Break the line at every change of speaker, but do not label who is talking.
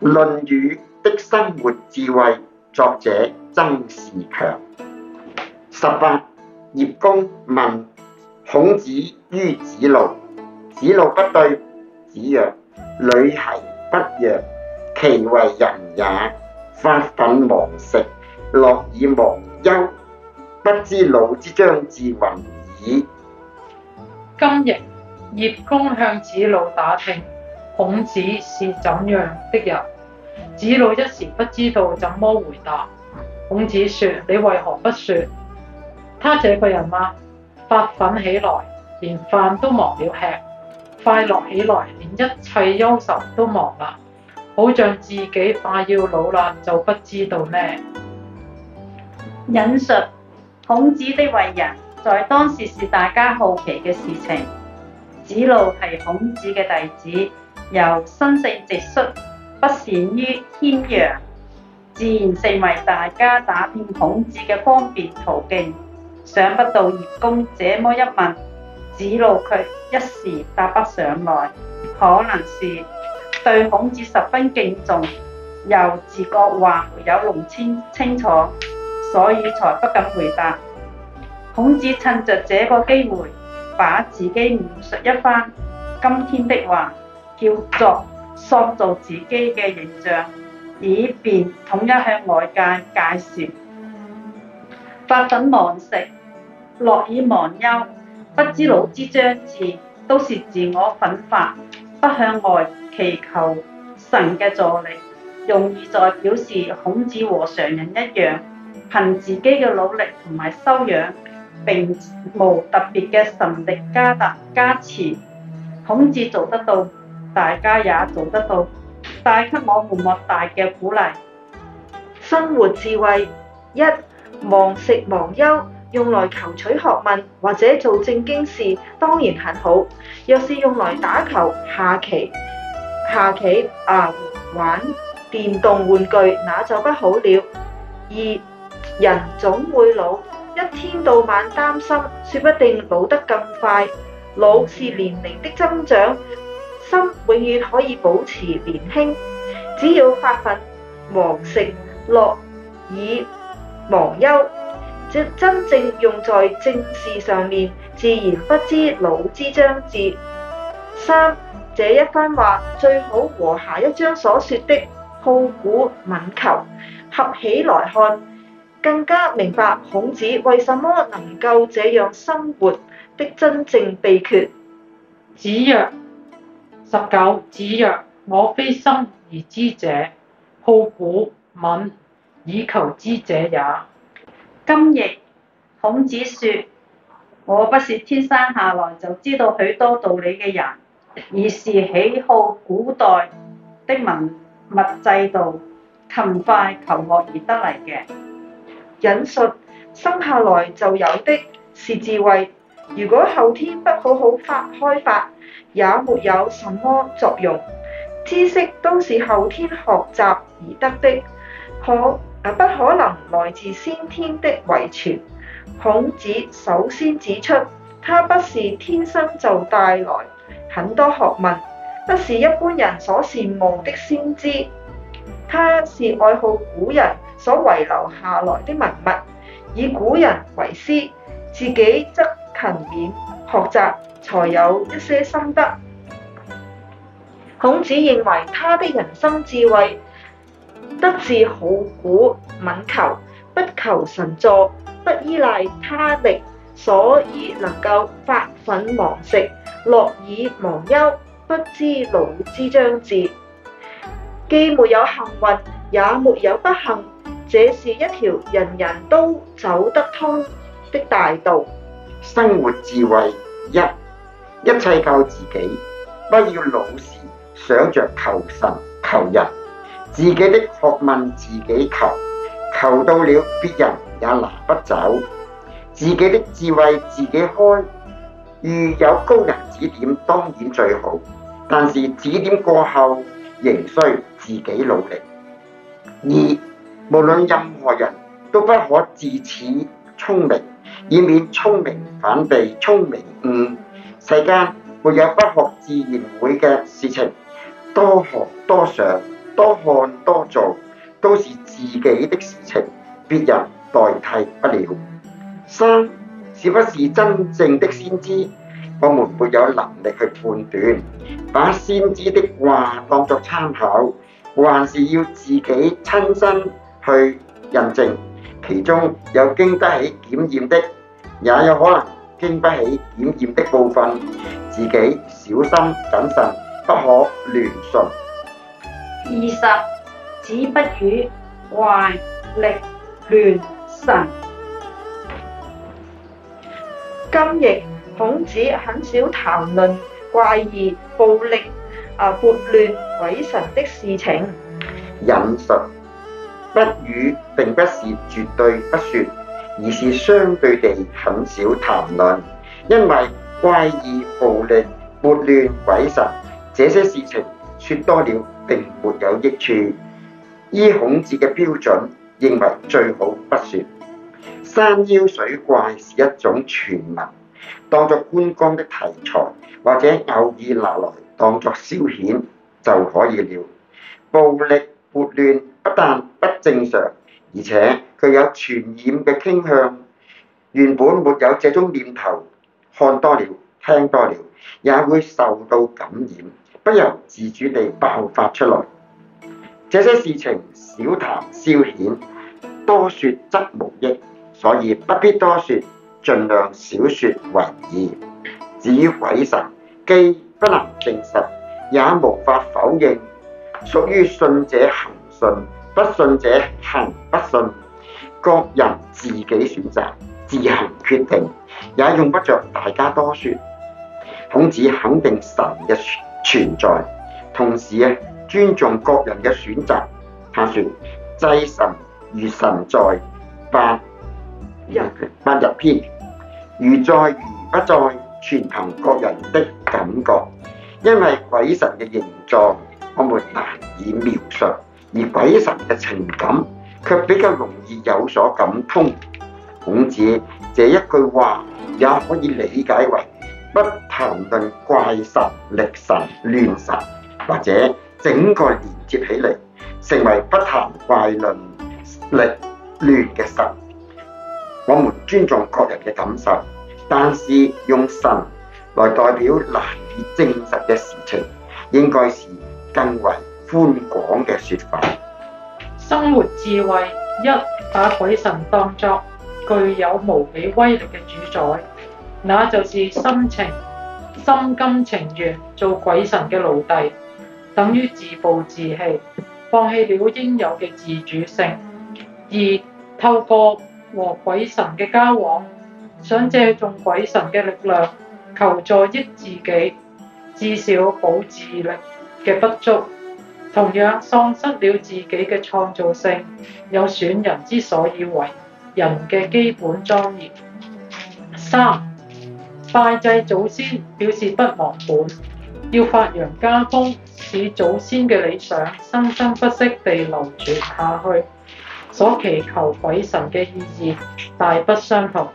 《論語》的生活智慧，作者曾仕強。十八，葉公問孔子於子路，子路不對。子曰：女奚不曰，其為人也，發憤忘食，樂以忘憂，不知老之將至云爾。
今日葉公向子路打聽。孔子是怎樣的人？子路一時不知道怎麼回答。孔子說：你為何不說？他這個人嘛，啊，發奮起來，連飯都忘了吃；快樂起來，連一切憂愁都忘啦，好像自己快要老啦，就不知道咩。
引述孔子的為人，在當時是大家好奇嘅事情。子路係孔子嘅弟子。由生性直率，不善於謙讓，自然成為大家打聽孔子嘅方便途徑。想不到葉公這麼一問，子路卻一時答不上來，可能是對孔子十分敬重，又自覺話沒有弄清清楚，所以才不敢回答。孔子趁着這個機會，把自己描述一番今天的話。叫做塑造自己嘅形象，以便統一向外界介紹。發憤忘食，樂以忘憂，不知老之將至，都是自我奮發，不向外祈求神嘅助力，用意在表示孔子和常人一樣，憑自己嘅努力同埋修養並無特別嘅神力加特加持，孔子做得到。大家也做得到，帶
給我們莫大嘅鼓勵。生活智慧一，忘食忘憂，用來求取學問或者做正經事，當然很好。若是用來打球、下棋、下棋啊，玩電動玩具，那就不好了。二，人總會老，一天到晚擔心，說不定老得更快。老是年齡的增長。永遠可以保持年輕，只要發奮、忘食、樂以忘憂，即真正用在正事上面，自然不知老之將至。三，這一番話最好和下一章所說的好古敏求合起來看，更加明白孔子為什麼能夠這樣生活的真正秘訣。
子曰。十九子曰：我非生而知者，好古敏以求之者也。
今亦孔子說，我不是天生下來就知道許多道理嘅人，而是喜好古代的文
物制度，勤快求樂而得嚟嘅。引述生下來就有的是智慧。如果後天不好好發開發，也沒有什麼作用。知識都是後天學習而得的，可不可能來自先天的遺傳。孔子首先指出，他不是天生就帶來很多學問，不是一般人所羨慕的先知。他是愛好古人所遺留下來的文物，以古人為師，自己則，勤勉學習，才有一些心得。孔子認為他的人生智慧得自好古敏求，不求神助，不依賴他力，所以能夠發憤忘食，樂以忘憂，不知老之將至。既沒有幸運，也沒有不幸，這是一條人人都走得通的大道。
生活智慧一，一切靠自己，不要老是想着求神求人，自己的學問自己求，求到了別人也拿不走，自己的智慧自己開，如有高人指點當然最好，但是指點過後仍需自己努力。二，無論任何人都不可自恃聰明。以免聰明反被聰明誤，嗯，世間沒有不學自然會嘅事情，多學多想，多看多做，都是自己的事情，別人代替不了。三，是不是真正的先知，我們沒有能力去判斷，把先知的話當作參考，還是要自己親身去印證。其中有經得起檢驗的，也有可能經不起檢驗的部分，自己小心謹慎，不可亂信。二
十，子不語怪力亂神。
今譯孔子很少談論怪異、暴力、啊撥亂鬼神的事情。
引述。不語並不是絕對不說，而是相對地很少談論，因為怪異、暴力、撥亂鬼神這些事情說多了並沒有益處。依孔子嘅標準，認為最好不說。山妖水怪是一種傳聞，當作觀光的題材或者偶爾拿來當作消遣就可以了。暴力撥亂，不但不正常，而且佢有傳染嘅傾向。原本沒有這種念頭，看多了，聽多了，也會受到感染，不由自主地爆發出來。這些事情少談消遣，多說則無益，所以不必多說，儘量少説為宜。至於鬼神，既不能證實，也無法否認，屬於信者行。信不信者，行不信。各人自己選擇，自行決定，也用不着大家多說。孔子肯定神嘅存在，同時尊重各人嘅選擇。他說：祭神如神在，八佾篇如在如不在，全憑各人的感覺。因為鬼神嘅形狀，我們難以描述。而鬼神嘅情感，卻比較容易有所感通。孔子這一句話，也可以理解為不談論怪神力神亂神，或者整個連接起嚟，成為不談怪論力亂嘅神。我們尊重各人嘅感受，但是用神來代表難以證實嘅事情，應該是更為寬廣嘅說法，
生活智慧一，把鬼神當作具有無比威力嘅主宰，那就是心情心甘情願做鬼神嘅奴隸，等於自暴自棄，放棄了應有嘅自主性。二，透過和鬼神嘅交往，想借助鬼神嘅力量求助益自己，至少保自力嘅不足。同樣喪失了自己嘅創造性，有損人之所以為人嘅基本莊嚴。三、拜祭祖先表示不忘本，要發揚家風，使祖先嘅理想生生不息地流傳下去。所祈求鬼神嘅意義大不相同。